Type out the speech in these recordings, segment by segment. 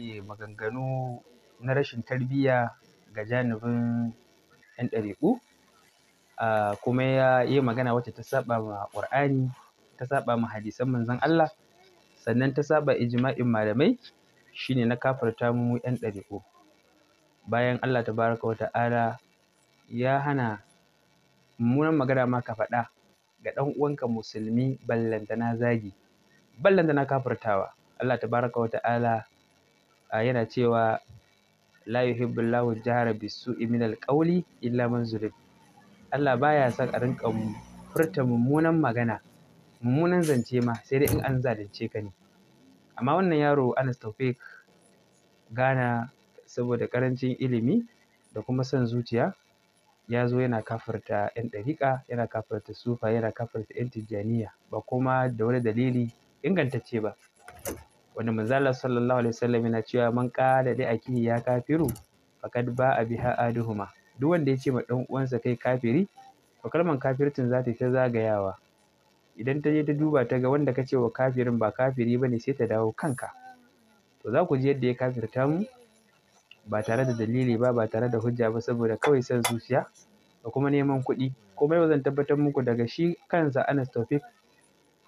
ke maganganu na rashin tarbiyya ga janibin ƴan 'yan a kuma ya yi magana wacce ta saba ma ƙur'ani ta saɓa ma hadisan manzon Allah sannan ta saɓa ijma'in malamai shine na kafarta mu 'yan ɗabi'u bayan Allah tabaraka wa ta'ala ya hana mummunan magana ma ka faɗa ga ɗan uwanka musulmi ballantana zagi ballantana kafirtawa Allah tabaraka wa ta'ala yana cewa la yuhibbu Allahu jahra bisu'i min alqawli illa man zulim Allah baya son a rinka furta mummunan magana mummunan zance ma sai dai in an zalunce ka ne amma wannan yaro Anas Tawfik gana saboda karancin ilimi da kuma son zuciya ya zo yana kafarta 'yan ɗariƙa yana kafarta sufa yana kafarta 'yan tijjaniya ba kuma da wani dalili ingantacce ba Wani manzala sallallahu alaihi wasallam yana cewa man kada da akihi ya kafiru ba a biha aduhuma duk wanda ya ce ma dan uwansa kai kafiri to kalmar kafircin za ta ta zagayawa idan ta je ta duba ta ga wanda ka ce wa kafirin ba kafiri ne sai ta dawo kanka to za ku ji yadda ya kafirta mu ba tare da dalili ba ba tare da hujja ba saboda kawai san zuciya da kuma neman kuɗi Komai yau zan tabbatar muku daga shi kansa Anas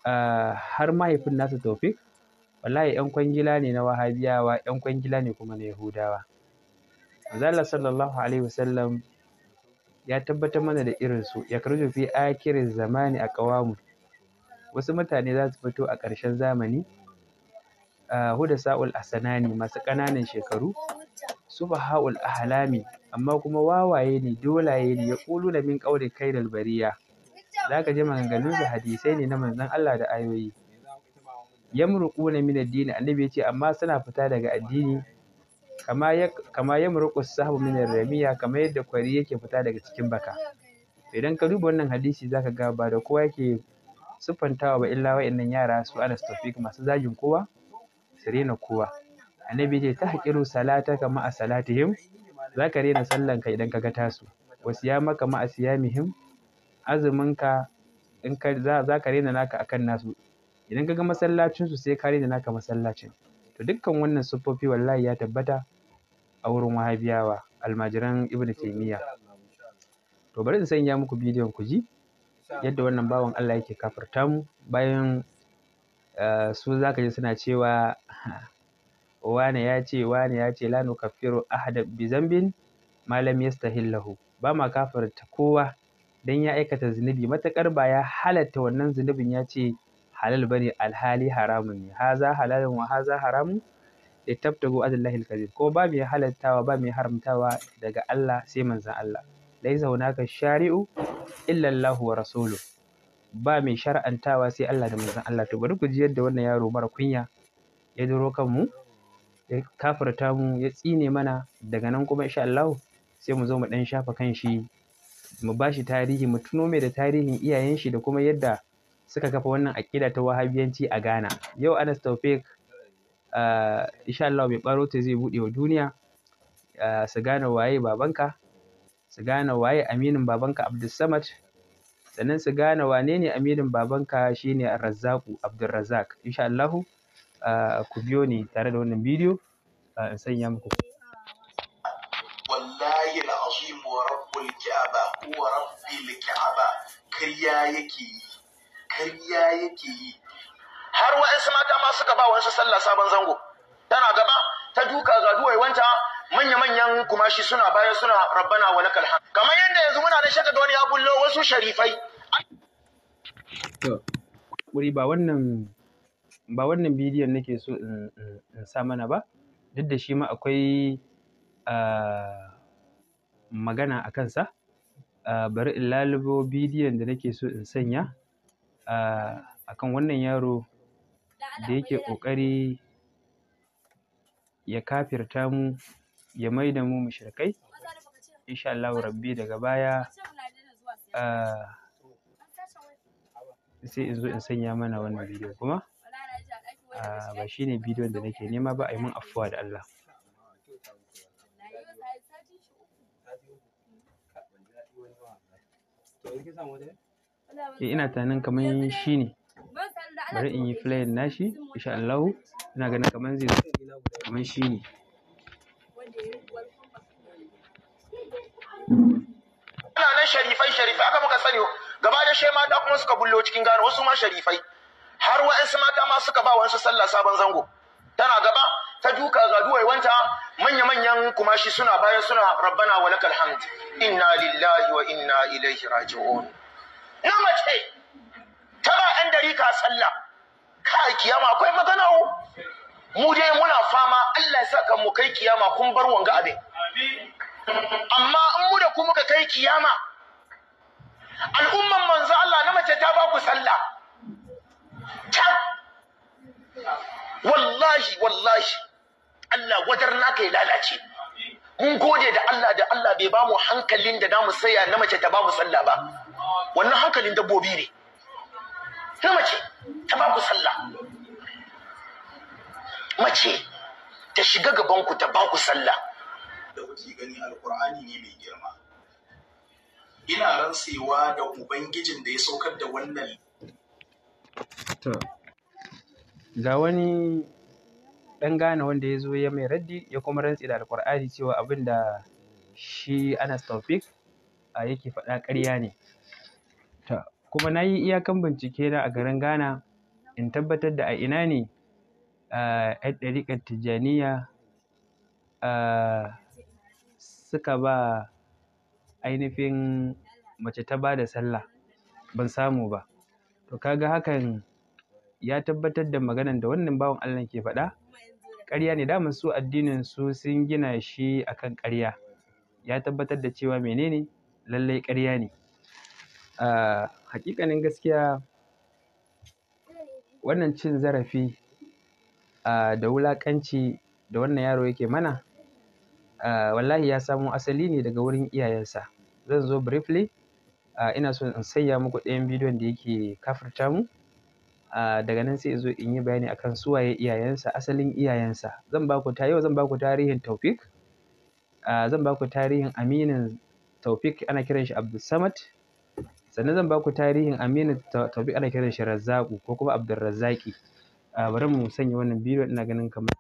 ah, har mahaifin nasa tofik wallahi ‘yan kwangila ne na wahabiyawa ‘yan kwangila ne kuma na yahudawa manzala sallallahu alaihi wasallam ya tabbatar mana da irin su, ya karjo fi akirin zamani a kawamu wasu mutane za su fito a ƙarshen zamani ah, huda sa'ul asanani masu ƙananan shekaru su ha'ul ahlami amma kuma wawaye ne dolaye ne ya kulu da min ƙaure kai bariya za ka ji su hadisai ne na manzon Allah da ayoyi yamruquna min ad-din annabi yace amma suna fita daga addini kama ya kama yamruqu sahbu min ar-ramiya kama yadda kwari yake fita daga cikin baka idan ka duba wannan hadisi zaka ga ba da kowa yake sufantawa ba illa wa'annan yara su ana Tawfik masu zagin kowa Sirena kowa annabi yace salata salataka ma'a salatihim zaka rena ka idan ka ga tasu wasiyamaka ma'a azumin ka in ka za ka rena naka akan nasu idan ka ga masallacinsu sai ka da naka masallacin to dukkan wannan siffofi wallahi ya tabbata a wurin wahabiyawa almajiran ibn taymiya to bari in sanya muku bidiyon ku ji yadda wannan bawan allah yake kafarta mu bayan eh, su zaka ji suna cewa wane ya ce wane ya ce lanu kafiru ahada bi zambin malam yastahillahu ba ma kafarta kowa dan ya aikata zunubi matakar ba ya halatta wannan zunubin ya ce halal bane alhali haramun ne haza halalun wa haza haramun litabtagu adallahi alkazib ko ba mai halattawa ba mai haramtawa daga Allah sai manzon Allah laisa hunaka shari'u illa Allah wa rasulu ba mai shar'antawa sai Allah da manzon Allah to bari ku ji yadda wannan yaro mara kunya ya duro kan mu ya kafirta mu ya tsine mana daga nan kuma insha Allah sai mu zo mu dan shafa kan shi mu bashi tarihi mu tuno mai da tarihin iyayen shi da kuma yadda suka kafa wannan aƙida ta wahabiyanci a Ghana. Yau Anas Taufik uh, eh, insha Allah mai ɓaro ta zai buɗe wa duniya uh, su gane waye babanka su gane waye aminin babanka Abdulsamad sannan su gane wane ne aminin babanka shine Razzaku Abdulrazak insha Allah uh, eh, ku biyo ni tare da wannan bidiyo in sanya muku wallahi al'azim wa rabbul ka'aba huwa rabbil ka'aba kariya yake yi ƙarya yake yi har wa'ansu mata ma suka ba wa'ansu sallah sabon zango tana gaba ta duka ga duwai wanta manya-manyan kumashi suna bayan suna rabbana wa lakal kamar yadda yanzu muna da shaka wani ya bullo wasu sharifai wuri ba wannan ba wannan bidiyon nake so in sa mana ba duk da shi ma akwai ah, magana a kansa ah, bari in lalubo bidiyon da nake so in sanya akan wannan yaro da yake ƙoƙari ya kafirta mu ya mai da mu mashirkai insha Rabi rabbi daga baya sai in zo in sanya mana wannan bidiyo kuma ba shi ne bidiyon da nake nema ba a yi min afuwa da Allah eh ina tunanin kamar shi ne bari in yi playin nashi insha Allah ina ganin kamar zai kamar shi ne Ina nan sharifai sharifai aka muka sani gaba da shema da kuma suka bullo cikin gano wasu ma sharifai har wa'ansu mata ma suka ba wasu sallah sabon zango tana gaba ta duka ga duwaiwanta manya-manyan kumashi suna bayan suna rabbana wa lakal hamd inna lillahi wa inna ilaihi raji'un ya mace tana yan dari ka sallah kai kiyama akwai magana mu dai muna fama Allah ya saka mu kai kiyama kun bar wanga abin amma in mu da ku muka kai kiyama al'umman manzo Allah na mace ta ba ku sallah can wallahi wallahi Allah wajar naka ya lalace mun gode da Allah da Allah bai ba mu hankalin da damu saya na mace ta ba mu sallah ba wannan hankalin dabbobi ne na mace ta ba ku sallah mace ta shiga gaban ku ta ba ku sallah da kuke gani alkur'ani ne mai girma ina rantsewa da ubangijin da ya saukar da wannan to ga wani dan gane wanda ya zo ya mai raddi ya kuma rantsi da alkur'ani cewa abin da shi anas a yake faɗa ƙarya ne ta kuma na yi iyakan bincike na a garin Ghana in tabbatar da a ina ne ‘yan ɗariƙar Tijjaniya suka ba ainihin mace ta ba da sallah ban samu ba to kaga hakan ya tabbatar da maganan da wannan bawan Allah ke faɗa ƙarya ne daman su addinin su sun gina shi akan ƙarya ya tabbatar da cewa menene lallai ƙarya ne hakikanin gaskiya wannan cin zarafi da wulaƙanci da wannan yaro yake mana wallahi ya samo asali ne daga wurin iyayensa. Zan zo briefly ina so in sanya muku ɗayan bidiyon da yake kafirta mu daga nan sai in zo in yi bayani akan su waye iyayensa, asalin iyayensa. Zan ba ku ta yau zan ba ku tarihin Taufik, zan ba ku tarihin aminin Taufik ana kiran shi Abdulsamad. sannan zan baku tarihin Aminu Taubi ana kiran shi Razzaku ko kuma Abdulrazzaki ah, bari mu sanya wannan bidiyo ina ganin kamar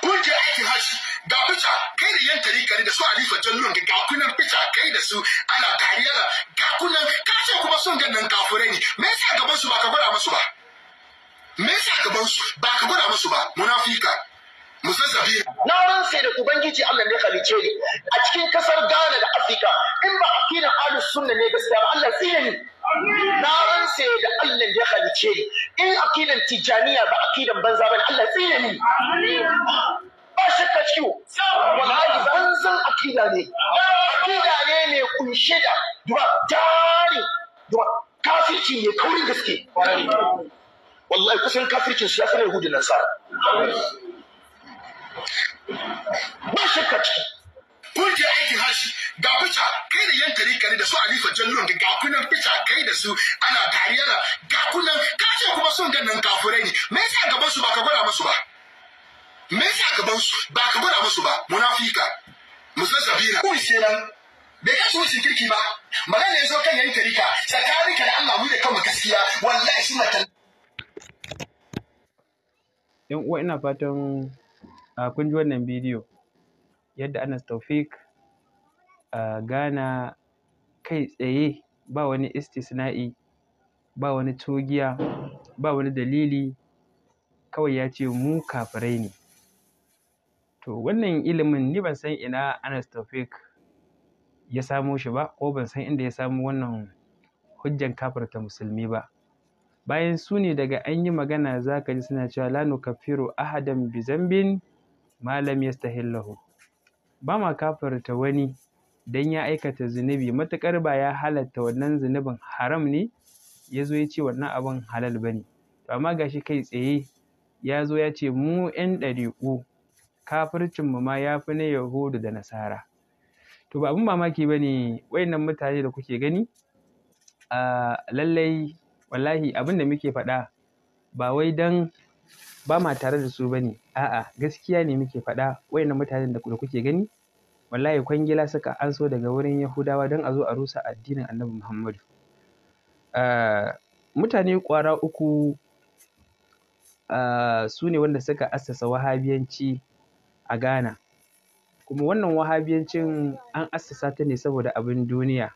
kun je aikin hajji ga fica kai da yan tarikari da su Alifa Jallon ga gakunan fita kai da su ana tariyar gakunan ka ce kuma son ganin kafurai ne me yasa gaban su ba ka gwada musu ba me yasa gaban su ba ka gwada musu ba munafika Na rantse da Ubangiji Allah ne halice ni a cikin kasar Ghana da Afirka in ba akidan Ahlus Sunna ne gaskiya ba Allah tsine ni. Na rantse da Allah ne halice ni in akidan Tijaniya ba akidan banza ba Allah tsine ni. Ba shakka ciwo. Wallahi banzan akida ne. Akida ne mai kunshe da duba tari duba kafirci ne kaurin gaske. Wallahi kusan kafircin su ya fi na Yahudi Nasara. ba shakka ciki kun je aikin hashi ga fica kai da yan kare kare da su alifa jallo ga ga kunan fica kai da su ana dariyara ga kunan ka ce kuma sun ga nan kafurai ne me yasa gaban su ba ka gwada musu ba me yasa gaban su ba ka gwada musu ba munafika musazzabina kun sai nan bai kasu wucin kirki ba magana ya zo kan yan kare ka tsakanin ka da Allah mu da kanmu gaskiya wallahi shi matan yan uwa ina fatan kun ji wannan bidiyo yadda Anas Taufik Ghana kai tsaye ba wani istisna'i ba wani togiya ba wani dalili kawai ya ce mu kafirai ne to wannan ilimin ni ban san ina Anas Taufik ya samo shi ba ko ban san inda ya samo wannan hujjan kafirta musulmi ba bayan su ne daga an yi magana za ka ji suna cewa la nukaffiru ahadan bi zambin malam yastahillahu ba ma kafarta wani dan ya aikata zunubi matuƙar ba ya halatta wannan zunubin haram ne ya zo ya ce wannan abin halal ba ne to amma gashi kai tsaye ya zo ya ce mu 'yan ɗariƙu mu ma ya fi na yahudu da nasara to ba abin mamaki ba ne wayannan mutane da kuke gani a lallai wallahi abin da muke faɗa ba wai don ba ma tare da su ba ne a'a gaskiya ne muke faɗa na mutanen da kuke gani wallahi kwangila suka anso daga wurin Yahudawa don a zo a rusa addinin Annabi Muhammadu ah, mutane ƙwara uku ah, su ne wanda suka assasa wahabiyanci a Ghana kuma wannan wahabiyancin an assasa ta ne saboda abin duniya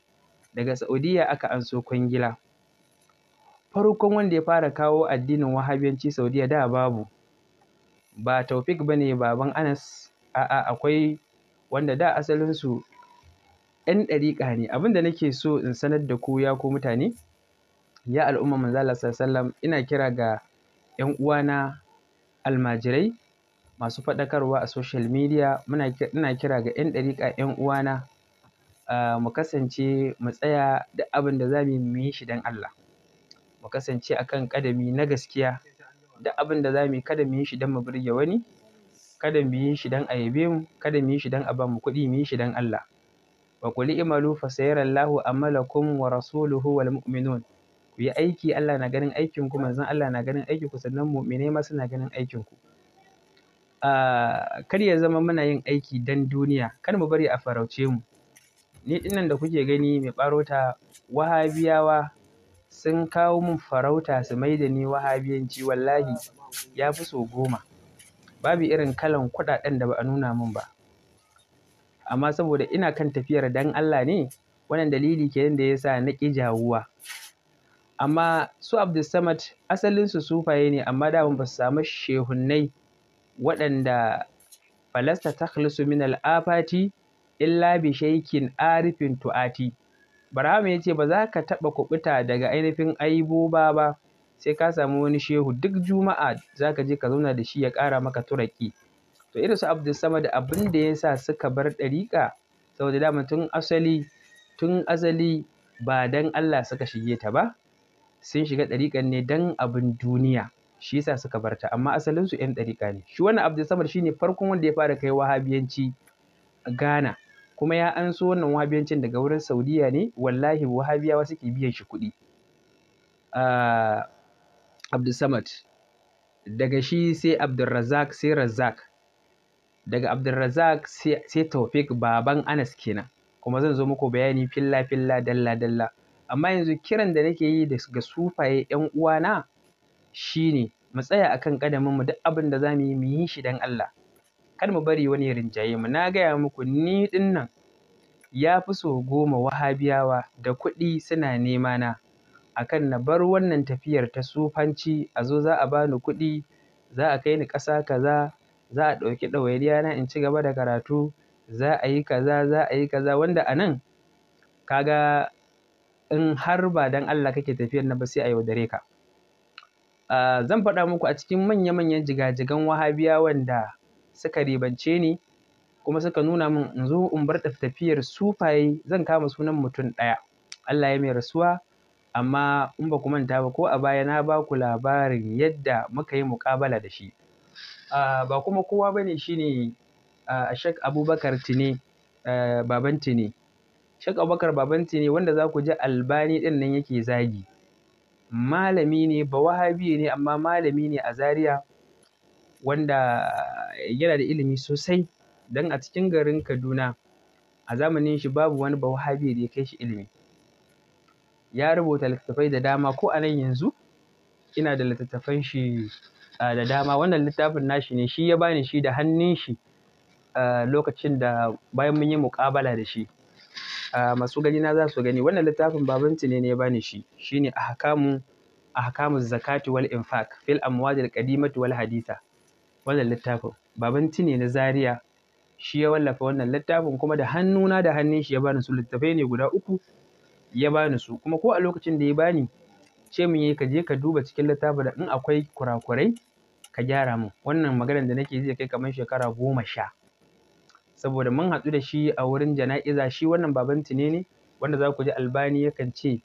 daga Saudiya aka anso kwangila farkon wanda ya fara kawo addinin wahabiyanci Saudiya da babu ba Taufik ba ne baban Anas, a'a akwai wanda da asalinsu 'yan ɗariƙa ne. Abin da nake so in sanar da ku ya ku mutane, ya al'umma manzala sallam ina kira ga 'yan uwana almajirai masu faɗakarwa a social media ina kira ga 'yan ɗariƙa 'yan uwana mu kasance mu tsaya duk abin da za mu yi shi don Allah mu kasance akan ƙadami na gaskiya duk abin da za mu yi kada mu yi shi don mu burge wani, kada mu yi shi don a yabe mu, kada mu yi shi don a ba mu kuɗi, mu yi shi don Allah. Wa qul i'malu fa sayarallahu amalakum wa rasuluhu wal mu'minun. Ku yi aiki Allah na ganin aikin ku, manzon Allah na ganin aikin ku, sannan mu'minai ma suna ganin aikin ku. Ah, kar ya zama muna yin aiki don duniya, kar mu bari a farauce mu. Ni ɗinnan da kuke gani mai ɓarota Wahabiyawa sun kawo min farauta su mai da ni wahabiyanci wallahi ya fi so goma babu irin kalan kuɗaɗen da ba a nuna min ba amma saboda ina kan tafiyar dan Allah ne wannan dalili ke kenan da ya sa na ƙi jawuwa amma su Abdulsamad asalinsu sufaye ne amma daman ba su samu shehunnai waɗanda falasta ta takhlisu min al'afati illa bi shaykin arifin tu'ati Barhama ya ce ba za ka taɓa kuɓuta daga ainihin aiboba ba sai ka samu wani shehu duk juma'a za ka je ka zauna da shi ya ƙara maka turaki. To irin su sama da abin da ya sa suka bar ɗariƙa saboda dama tun asali tun azali ba dan Allah suka shige ta ba sun shiga ɗariƙan ne dan abin duniya shi yasa suka bar ta amma asalinsu 'yan ɗariƙa ne. Shi wannan Abdulsamad shine farkon wanda ya fara kai wahabiyanci Ghana. kuma ya anso wannan wahabiyancin daga wurin saudiya ne wallahi wahabiyawa suke biyan shi kuɗi uh, abdulsamad daga shi sai abdulrazak sai razak daga abdulrazak sai taufik baban anas kenan kuma zan zo muku bayani filla filla dalla dalla amma yanzu kiran da nake yi ga sufaye yan uwana shine mu tsaya akan kadamin mu duk abin da zamu yi mu yi shi dan Allah kar mu bari wani ya rinjaye mu na gaya muku ni din nan ya fi so goma wahabiyawa da kuɗi suna nema na akan na bar wannan tafiyar ta sufanci a zo za a bani kuɗi za a kai ni ƙasa kaza za a ɗauki ɗawainiya na in ci gaba da karatu za a yi kaza za a yi kaza wanda a nan kaga in har ba dan Allah kake tafiyar na ba sai a yaudare ka ah, zan faɗa muku a cikin manya-manyan jigajigan wahabiyawan da suka ribance ni kuma suka nuna min in zo in bar tafiyar sufaye zan kama sunan mutum ɗaya Allah ya mai rasuwa amma in ba ku manta ba ko a baya na ba ku labarin yadda muka yi muƙabala da shi ba kuma kowa ba ne shine Shek Abubakar Tine baban Tine Shek Abubakar baban Tine wanda za ku ji albani ɗin nan yake zagi malami ne ba wahabi ne amma malami ne a Zariya. wanda yana da ilimi sosai don a cikin garin Kaduna a zamanin shi babu wani Bawahabiye da ya kai shi ilimi. Ya rubuta littattafai da dama ko a nan yanzu ina da littattafan shi da dama. Wannan littafin nashi ne shi ya bani shi da hannun shi lokacin da bayan mun yi muƙabala da shi. Masu gani na za su gani wannan littafin baban ne ya bani shi shine Ahkamu Ahkamu Zakati wal Infaq fil al Qadimati wal Haditha. wannan littafin baban tine na zaria shi ya wallafa wannan littafin kuma da hannuna da hannun shi ya bani su littafai ne guda uku ya bani su kuma ko a lokacin da ya bani ce min yi ka je ka duba cikin littafin da in akwai kurakurai ka gyara min wannan maganar da nake zai kai kamar shekara goma sha saboda mun haɗu da shi a wurin jana'iza shi wannan baban tine ne wanda za ku ji albani yakan ce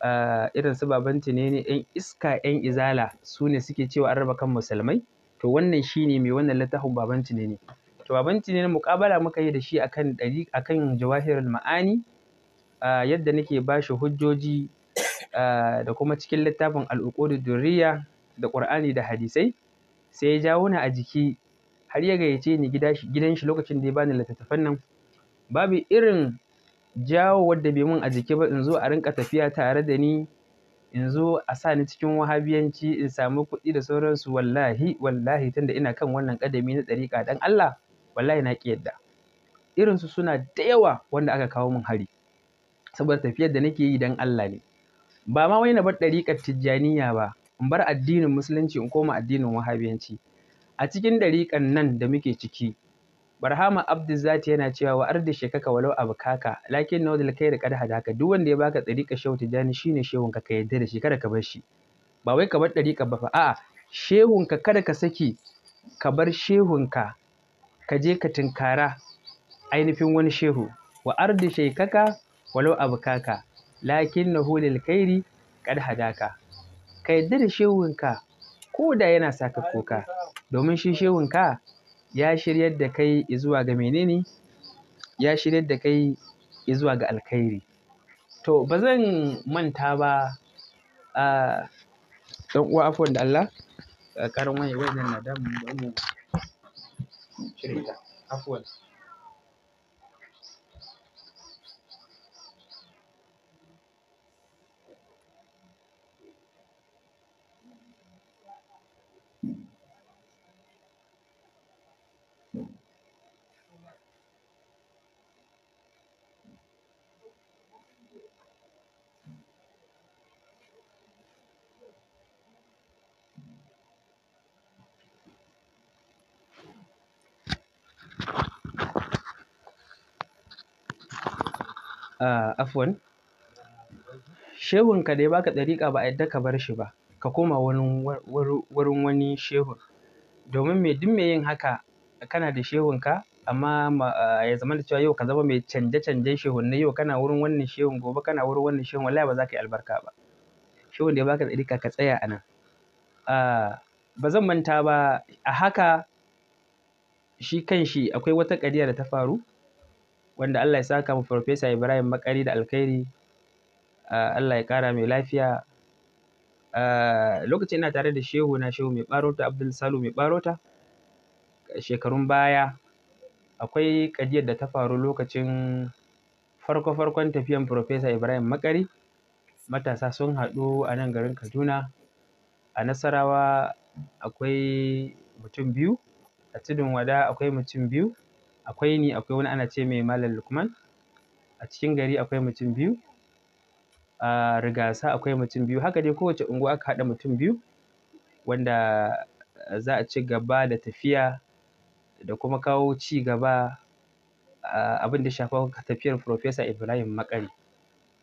ah, irin su baban tine ne yan iska yan izala su ne suke cewa an raba kan musulmai To wannan shi ne mai wannan littafin Baban ne. To Baban Tinini muƙabala muka yi da shi akan ɗari akan Jawahirul Ma'ani yadda nake ba shi hujjoji da kuma cikin littafin Al'uqudud Durriya da ƙur'ani, da hadisai sai ya jawo ni a jiki har ya gayyace ni gidan shi lokacin da ya bani littattafan nan. Babu irin jawo wadda bai mun a jiki ba in zo a rinƙa tafiya tare da ni in zo a sa ni cikin wahabiyanci in samu kuɗi da sauransu wallahi wallahi tunda ina kan wannan ƙadami na ɗariƙa dan Allah wallahi na ƙi yadda irinsu suna da yawa wanda aka kawo min hari saboda tafiyar da nake yi dan Allah ne ba ma wani na bar ɗariƙar tijjaniya ba in bar addinin musulunci in koma addinin wahabiyanci a cikin ɗariƙan nan da muke ciki Barhama Abdulzati yana cewa wa ardi shekaka walau abkaka lakin na wadal kai da kada hadaka duk wanda ya baka dariƙa shehu tijani shine shehun ka ka yarda da shi kada ka bar shi ba wai ka bar dariƙa ba fa a'a shehun ka kada ka saki ka bar shehun ka ka je ka tinkara ainihin wani shehu wa ardi shekaka walau abkaka lakin na hulil kairi kada hadaka ka yarda da shehun ka ko da yana saka kuka domin shi shehun ka ya shiryar da kai zuwa ga menene ya shiryar da kai zuwa ga alkhairi to ba zan manta ba a ɗan uwa afuwan da Allah ƙarin waye wajen na damu mu cire afuwan afwan shehunka da ya baka ɗariƙa ba a yadda ka bar shi ba ka koma wurin wani shehun domin mai duk mai yin haka kana da shehunka amma ya zama da cewa yau ka zama mai canje-canjen shehunai yau kana wurin wannan shehun gobe kana wurin wannan shehun wallahi ba za ka yi albarka ba shehun da ya baka ɗariƙa ka tsaya a nan ba zan manta ba a haka shi kanshi akwai wata ƙadiya da ta faru wanda Allah ya saka ma Professor Ibrahim Makari da alkhairi Allah ya ƙara mai lafiya lokacin ina tare da shehu na shehu mai barota Abdul Salu mai barota shekarun baya akwai kadiyar da ta faru lokacin farko-farkon tafiyan Professor Ibrahim Makari matasa sun haɗu a nan garin Kaduna a Nasarawa akwai mutum biyu a tudun wada akwai mutum biyu akwai ni akwai wani ana ce mai Malam Lukman a cikin gari akwai mutum biyu a rigasa akwai mutum biyu haka dai kowace unguwa aka haɗa mutum biyu wanda za a ci gaba da tafiya da kuma kawo ci gaba abin da shafa tafiyar Profesa Ibrahim Makari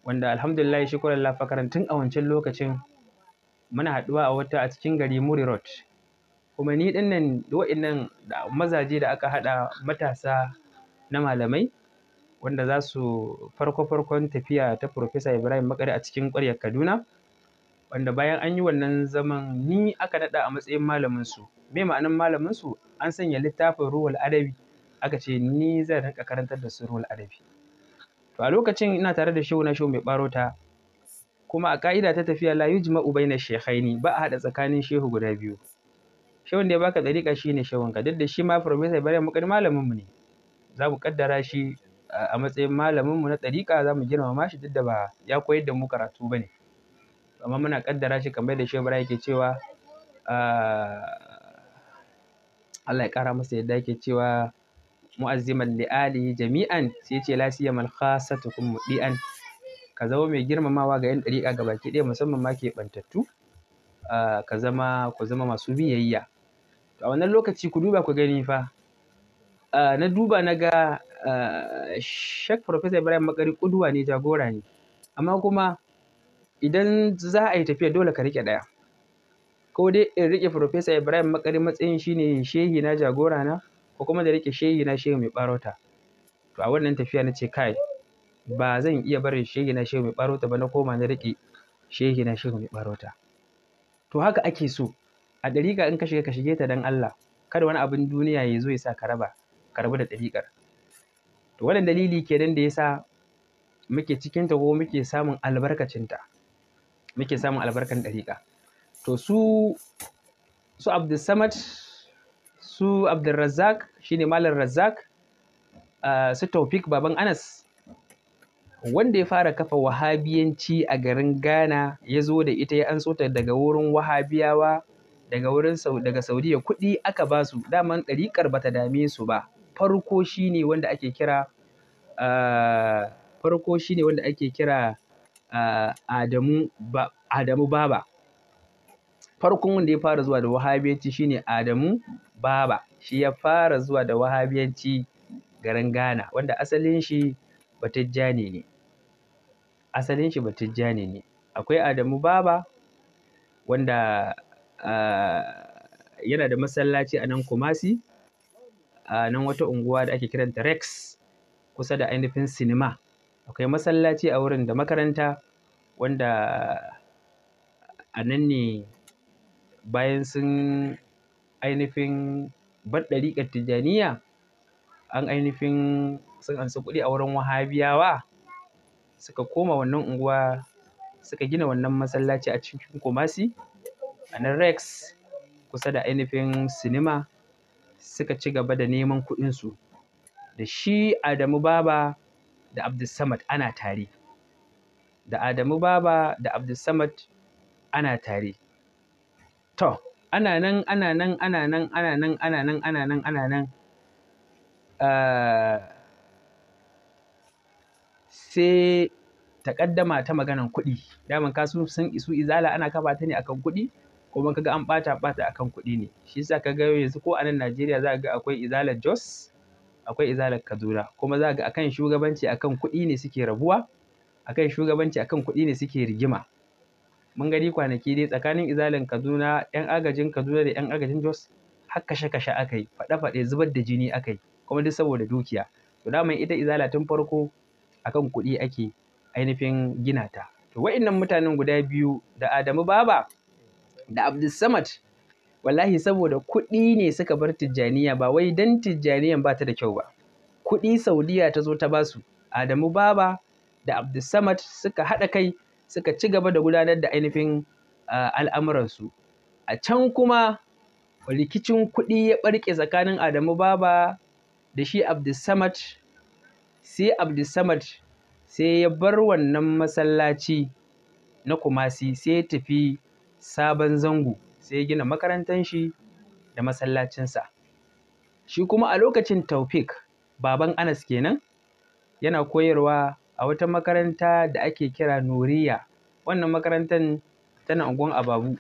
wanda alhamdulillah shi kuran lafa tun a wancan lokacin muna haɗuwa a wata a cikin gari Muri Road Kuma ni nan wa'innan mazaje da aka haɗa matasa na malamai wanda za su farko farkon tafiya ta Profesa Ibrahim Makare a cikin ƙwaryar Kaduna. Wanda bayan an yi wannan zaman ni aka naɗa a matsayin malaminsu. Me ma'anar malaminsu? An sanya littafin ruwal Adabi aka ce ni zan rinƙa karantar da su ruwal Adabi. To a lokacin ina tare da Shehu na Shehu Mai Ɓarota kuma a ƙa'ida ta tafiya la yujma'u baina shaykhaini ba a haɗa tsakanin shehu guda biyu. shehun da ya baka dariƙa shi ne ka duk da shi ma mu kan malamin malaminmu ne za mu kaddara shi a matsayin mu na dariƙa za mu girmama shi duk da ba ya koyar da mu karatu ba ne amma muna kaddara shi kamar da shehu Ibrahim ke cewa Allah ya kara masa yadda yake cewa mu'azziman li'ali jami'an sai ce la siyamal khassatukum mudian ka zama mai girmamawa ga 'yan ga baki ɗaya musamman ma ke ɓantattu ka zama ku zama masu biyayya a wannan lokaci ku duba ku gani fa na duba na ga shek Professor Ibrahim Makari kuduwa ne jagora ne amma kuma idan za a yi tafiya dole ka rike ɗaya ko dai in rike Professor Ibrahim Makari matsayin shine shehi na jagora na ko kuma da rike shehi na shehi mai barota to a wannan tafiya na ce kai ba zan iya barin shehi na shehi mai barota ba na koma na rike shehi na shehi mai barota to haka ake so a dariƙa in ka shiga ka shige ta dan Allah kada wani abin duniya ya zo ya sa ka raba ka rabu da dariƙar to wannan dalili kenan da yasa muke cikin ta ko muke samun albarkacin ta muke samun albarkan dariƙa to su su Abdulsamad su Abdulrazzaq shine Malam Razzaq su Taufik baban Anas wanda ya fara kafa wahabiyanci a garin Ghana ya zo da ita ya anso ta daga wurin wahabiyawa daga wurin daga Saudiya kuɗi aka ba su daman ɗariƙar bata dame su ba farko shine wanda ake kira farko shine wanda ake kira Adamu Adamu Baba farkon wanda ya fara zuwa da wahabiyanci shine Adamu Baba shi ya fara zuwa da wahabiyanci garin Ghana wanda asalin shi Batijjani ne asalin shi Batijjani ne akwai Adamu Baba wanda Ah, yana da masallaci a nan Kumasi a nan wata unguwa da ake kiranta Rex kusa da ainihin sinima akwai masallaci a wurin da makaranta wanda a nan ne bayan sun ainihin bar ɗariƙar tijaniya an ainihin sun ansa kuɗi a wurin wahabiyawa suka koma wannan unguwa suka gina wannan masallaci a cikin kumasi a nan rex kusa da ainihin sinima suka ci gaba da neman kuɗinsu da shi adamu baba da abdulsamad ana tare da adamu baba da abdulsamad ana tare to ana nan ana nan ana nan ana nan ana nan ana nan ana nan ah, sai takaddama ta maganan kuɗi daman kasu sun isu izala ana kafa ta ne akan kuɗi kuma kaga an ɓata ɓata akan kuɗi ne shi yasa kaga yanzu ko anan Najeriya za ga akwai izalar Jos akwai izalar Kaduna kuma za ga akan shugabanci akan kuɗi ne suke rabuwa akan shugabanci akan kuɗi ne suke rigima mun gani kwanaki dai tsakanin izalan Kaduna ƴan agajin Kaduna da ƴan agajin Jos har kashe kashe aka yi faɗe faɗe zubar da jini aka yi kuma duk saboda dukiya to daman ita izala tun farko akan kuɗi ake ainihin gina ta to wa'innan mutanen guda biyu da Adamu Baba da Abdulsamad wallahi saboda kuɗi ne suka bar Tijjaniya ba wai dan Tijjaniyan ba ta da kyau ba. Kuɗi Saudiya ta zo ta basu. Adamu Baba da Abdulsamad suka haɗa kai suka ci gaba da gudanar da ainihin al'amuransu. A can kuma rikicin kuɗi ya ɓarke tsakanin Adamu Baba da shi Abdulsamad sai Abdulsamad sai ya bar wannan masallaci na Kumasi sai ya tafi sabon zango sai ya gina makarantar shi da masallacinsa shi kuma a lokacin taufik baban anas kenan yana koyarwa a wata makaranta da ake kira Noriya, wannan makarantar tana unguwan ababu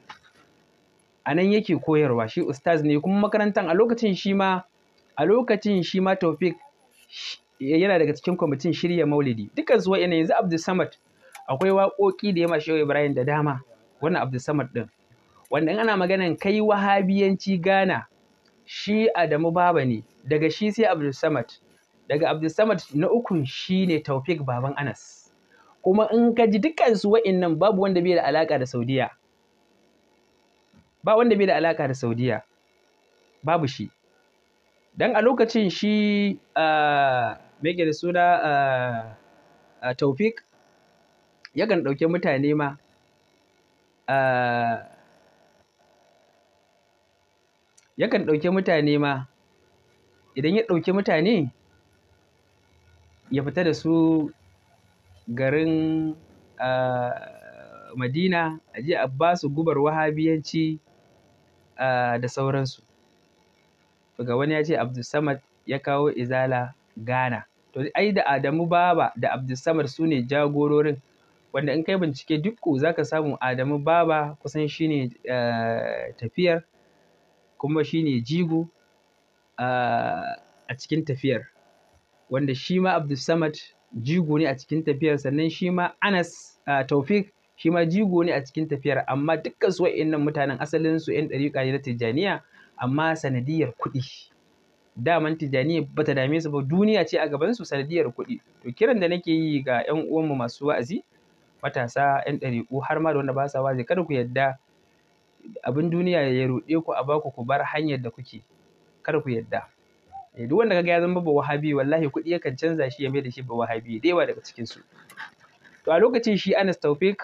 a nan yake koyarwa shi ustaz ne kuma makarantar a lokacin shi ma a lokacin shi ma taufik yana daga cikin kwamitin shirya maulidi dukansu wa'ina yanzu abdul samad akwai waƙoƙi da ya mashi ibrahim da dama wannan Abdulsamad ɗin wanda in ana maganan kai wahabiyanci Ghana shi Adamu Baba ne daga shi sai Abdulsamad daga Samad na ukun shi ne Taufik Baban Anas kuma in ka ji dukansu wa'innan babu wanda bai da alaka da Saudiya ba wanda bai da alaka da Saudiya babu shi dan a lokacin shi uh, me da suna uh, ah, ah, Taufik yakan ɗauki mutane ma Eh, yakan ɗauki mutane ma idan ya ɗauki mutane ya fita da su garin eh, madina a je a ba su gubar wahabiyanci eh, da sauransu ga wani ya ce abdulsamad ya kawo izala ghana to ai da adamu baba da abdulsamad su ne jagororin wanda in kai bincike dukku za ka samu Adamu Baba kusan shi ne eh, tafiyar kuma shi ne jigo eh, a cikin tafiyar wanda shi ma Abdulsamad jigo ne a cikin tafiyar sannan shi ma Anas eh, Taufik shi ma jigo ne a cikin tafiyar amma dukkan su nan mutanen asalin su ƴan ɗariƙa ne na Tijjaniya amma sanadiyar kuɗi daman Tijjaniya bata dame su ba duniya ce a gaban su sanadiyar kuɗi to kiran da nake yi ga 'yan uwanmu masu wa'azi matasa 'yan ɗariƙu har ma da wanda ba sa wazi kada ku yarda abin duniya ya ruɗe ku a baku ku bar hanyar da kuke kada ku eh duk wanda kaga ya zama ba wahabi wallahi kuɗi yakan canza shi ya mai da shi ba wahabi da yawa daga cikin su to a lokacin shi Anas Taufik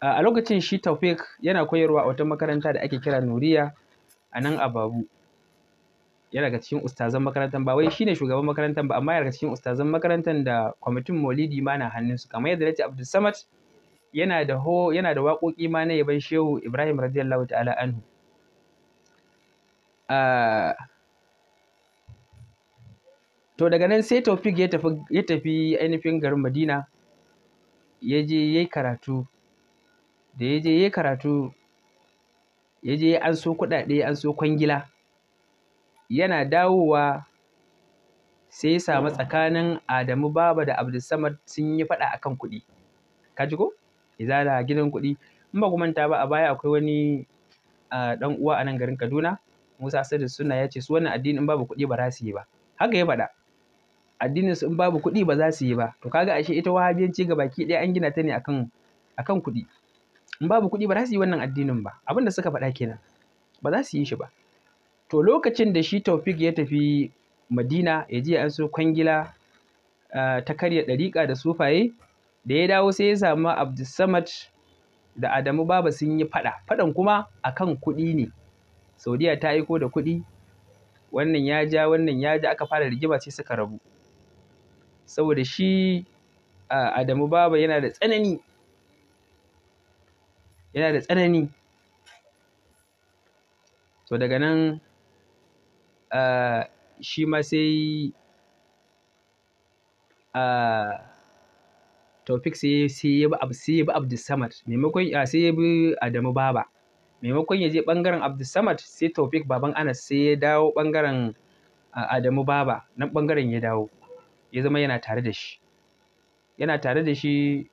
a lokacin shi Taufik yana koyarwa a wata makaranta da ake kira Nuriya a nan a Babu yana daga cikin ustazan makarantar ba wai shine shugaban makarantar ba amma yana daga cikin ustazan makarantar da kwamitin maulidi ma na hannunsu kamar yadda nace Abdul Samad yana da ho yana da waƙoƙi ma na yaban Shehu Ibrahim radiyallahu ta'ala anhu ah, to daga nan sai tofik ya tafi ya tafi ainihin garin Madina ya je yayi karatu da ya je yayi karatu ya je an so kuɗaɗe an so kwangila yana dawowa sai ya samu tsakanin Adamu Baba da Abdulsamad sun yi faɗa akan kuɗi. Ka ji ko? da gidan kuɗi. In ba ku manta ba a baya akwai wani ɗan uwa a nan garin Kaduna Musa Sadu Sunna ya ce su wannan addini in babu kuɗi ba za su yi ba. Haka ya faɗa. Addinin su in babu kuɗi ba za su yi ba. To kaga ashe ita wahabiyanci ga baki ɗaya an gina ta ne akan akan kuɗi. In babu kuɗi ba za su yi wannan addinin ba. Abin da suka faɗa kenan. Ba za su yi shi ba. To lokacin da shi Taufik ya tafi Madina ya je an so kwangila ta karya ɗariƙa da sufaye da ya dawo sai ya samu Abdulsamad da Adamu Baba sun yi faɗa. Faɗan kuma a kan kuɗi ne. Saudiya ta aiko da kuɗi wannan ya ja wannan ya ja aka fara rigima sai suka rabu. Saboda shi Adamu Baba yana da tsanani yana da tsanani. To daga nan uh, shi ma sai uh, eh, Taufik sai ya bi sai ya bi Abdulsamad maimakon eh, sai ya bi Adamu Baba maimakon ya je bangaren Abdulsamad sai taofik baban Anas sai ya dawo bangaren Adamu Baba nan bangaren ya dawo ya zama yana tare da shi yana tare da shi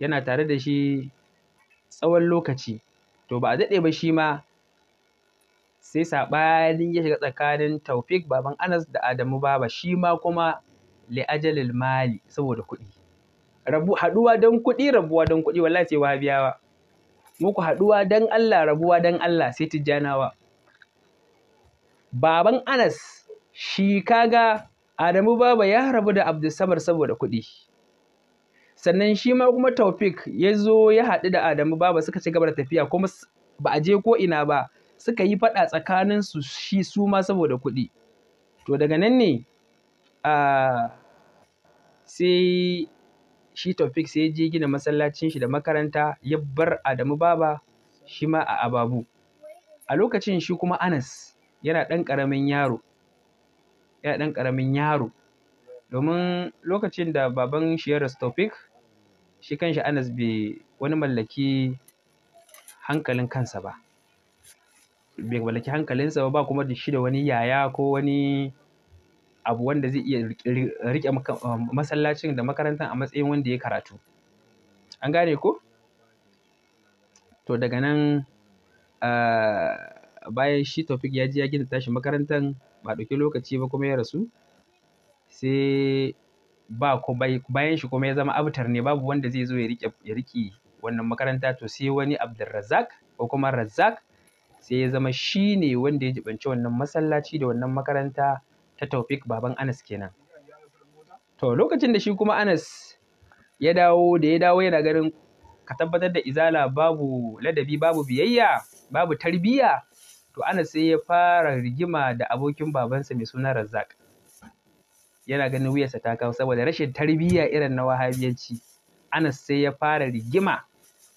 yana tare da shi tsawon lokaci to ba a daɗe ba shi ma sai saɓani ya shiga tsakanin taufik baban anas da adamu baba shi ma kuma li'ajalil mali saboda kuɗi rabu haɗuwa don kuɗi rabuwa don kuɗi wallahi sai wahabiyawa muku haɗuwa don Allah rabuwa don Allah sai tijjanawa baban anas shi kaga adamu baba ya rabu da abdulsamar saboda kuɗi sannan shi ma kuma taufik ya zo ya haɗu da adamu baba suka ci gaba da tafiya kuma ba a je ko ina ba suka yi faɗa tsakanin su shi su ma saboda kuɗi to daga nan ne sai shi Taufik sai je gina masallacin shi da makaranta ya bar Adamu Baba shi ma a Ababu a lokacin shi kuma Anas yana ɗan ƙaramin yaro yana ɗan ƙaramin yaro domin lokacin da baban shi ya rasu Taufik shi kanshi Anas bai wani mallaki hankalin kansa ba bai mallaki hankalinsa ba kuma da shi da wani yaya ko wani abu wanda zai iya riƙe um, masallacin da makarantar a matsayin wanda ya karatu an gane ko to daga nan ah, bayan shi Taufik ya ji ya gina tashi makarantar ba ɗauki lokaci ba kuma ya rasu sai ba bayan shi kuma ya zama abtar ne babu wanda zai zo ya rike wannan makaranta to sai wani Abdulrazak ko kuma Razak sai ya zama shi ne wanda ya jibanci wannan masallaci da wannan makaranta ta Taufik baban Anas kenan. To lokacin da shi kuma Anas ya dawo da ya dawo yana ganin ka tabbatar da izala babu ladabi babu biyayya babu tarbiyya to Anas sai ya fara rigima da abokin babansa mai suna Razzaq. Yana ganin wuyarsa ta kawo saboda rashin tarbiyya irin na wahabiyanci. Anas sai ya fara rigima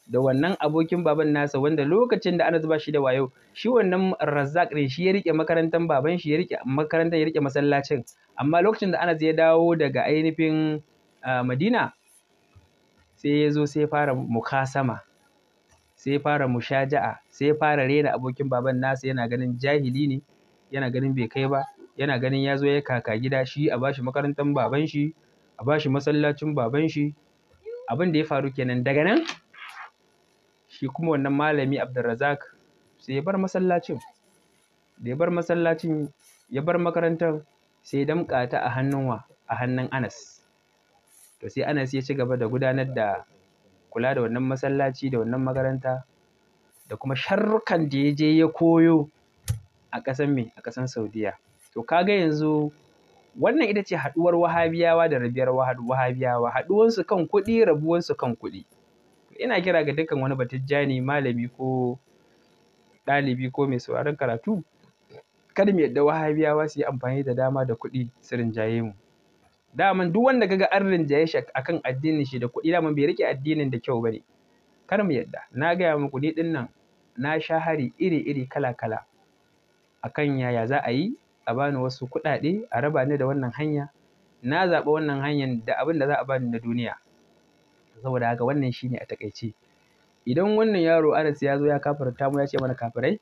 da wannan abokin baban nasa wanda lokacin da Anas ba shi da wayo shi wannan Razzaq ne shi ya rike makarantar baban shi ya rike makarantar ya rike masallacin amma lokacin da ana ya dawo daga ainihin Madina sai ya zo sai fara mukasama sai fara mushaja'a sai fara rena abokin baban nasa yana ganin jahili ne yana ganin bai kai ba yana ganin ya zo ya kaka gida shi a bashi makarantar baban shi a bashi masallacin baban shi abin da ya faru kenan daga nan shi kuma wannan malami Abdulrazak sai ya bar masallacin da ya bar masallacin ya bar makarantar sai ya damƙa ta a hannun a hannun Anas to sai Anas ya ci gaba da gudanar da kula da wannan masallaci da wannan makaranta da kuma sharrukan da ya je ya koyo a ƙasan me a ƙasan Saudiya to kaga yanzu wannan ita ce haɗuwar wahabiyawa da rabiyar wahabiyawa haɗuwansu kan kuɗi rabuwansu kan kuɗi ina kira ga dukkan wani batijjani malami ko ɗalibi ko mai sauraron karatu kada mu yadda wahabiyawa su yi amfani da dama da kuɗi su rinjaye mu daman duk wanda kaga an rinjaye shi akan addinin shi da kuɗi dama bai rike addinin da kyau bane kar mu yadda na gaya muku ni din nan na sha hari iri iri kala kala akan yaya za a yi a bani wasu kuɗaɗe a raba ni da wannan hanya na zaɓi wannan hanyar da abin da za a bani na duniya saboda haka wannan shi ne a takaice idan wannan yaro Anas ya zo ya kafarta mu ya ce mana kafirai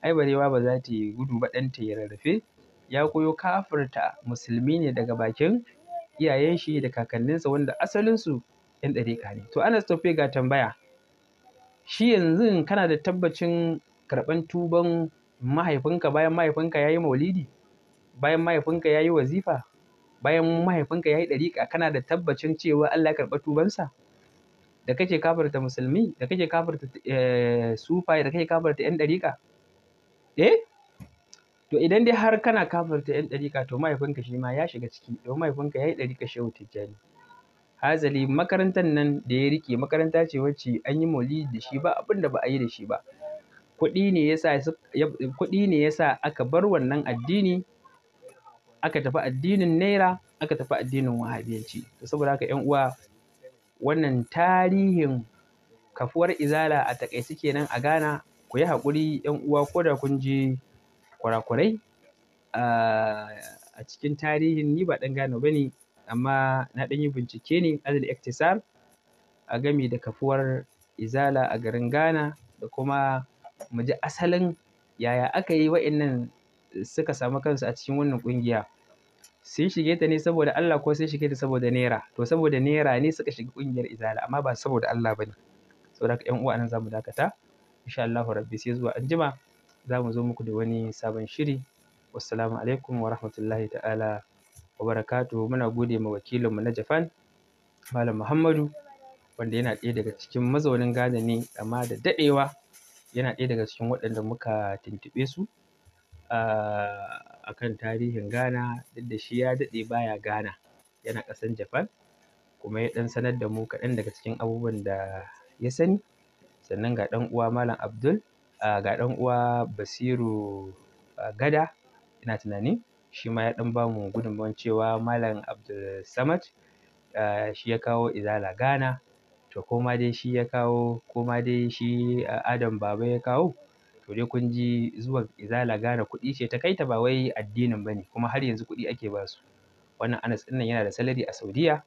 ai barewa ba za ta yi gudu ba ɗanta ya rarrafe ya koyo kafarta musulmi ne daga bakin iyayen shi da kakanninsa wanda asalinsu yan ɗariƙa ne to Anas Tofe ga tambaya shi yanzu kana da tabbacin karɓan tuban mahaifinka bayan mahaifinka ya yi maulidi bayan mahaifinka ya yi wazifa bayan mahaifinka ya yi ɗariƙa kana da tabbacin cewa Allah ya karɓa tubansa da kake kafirta musulmi da kake kafirta eh, sufaye da kake kafirta yan dariƙa eh to idan dai har kana kafarta yan dariƙa to mahaifinka shi ma ya shiga ciki to mahaifinka ya yi dariƙa shehu tijjani hazali makarantar nan da ya rike makaranta ce wacce an yi maulidi da shi ba abin da ba a yi da shi ba kuɗi ne yasa kuɗi ne yasa aka bar wannan addini aka tafi addinin naira aka tafi addinin wahabiyanci to saboda haka yan uwa wannan tarihin kafuwar izala a takaice kenan a Ghana ku yi haƙuri ‘yan uwa ko da kun ji kurakurai a cikin tarihin ni ba ɗan Ghana ba ne amma na ɗan yi bincike ne adal iktisar a gami da kafuwar izala a garin Ghana da kuma mu ji asalin yaya aka yi wa'innan suka samu kansu a cikin wannan ƙungiya. sun shige ta ne saboda Allah ko sun shige ta saboda naira to saboda naira ne suka shiga kungiyar izala amma ba saboda Allah bane saboda ƴan uwa nan zamu dakata insha Allah rabbi sai zuwa anjima zamu zo muku da wani sabon shiri wassalamu alaikum wa rahmatullahi ta'ala wa barakatuhu muna gode ma wakilin mu na Japan Malam Muhammadu wanda yana ɗaya daga cikin mazaunin Ghana ne amma da daɗewa yana ɗaya daga cikin waɗanda muka tuntuɓe su a kan tarihin Ghana duk da shi ya daɗe baya Ghana yana ƙasan Japan kuma ya ɗan sanar da mu kaɗan daga cikin abubuwan da ya sani sannan ga ɗan uwa Malam Abdul ga ɗan uwa Basiru Gada ina tunani shi ma ya ɗan ba mu gudunmawar cewa Malam Abdul Samad shi ya kawo Izala Ghana to ko dai shi ya kawo ko ma dai shi Adam Baba ya kawo to dai kun ji zuwan izala gane kuɗi ce ta kai ta ba wai addinin ba ne kuma har yanzu kuɗi ake ba su wannan anas ɗin nan yana da salari a Saudiyya,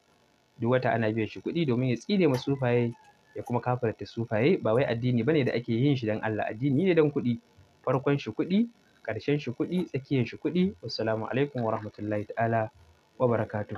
duk wata ana biyan shi kuɗi domin ya tsine ma sufaye ya kuma kafarta sufaye ba wai addini bane da ake yin shi don Allah addini ne don kuɗi farkon shi kuɗi ƙarshen shi kuɗi tsakiyan shi kuɗi wassalamu alaikum wa rahmatullahi ta'ala wa barakatuh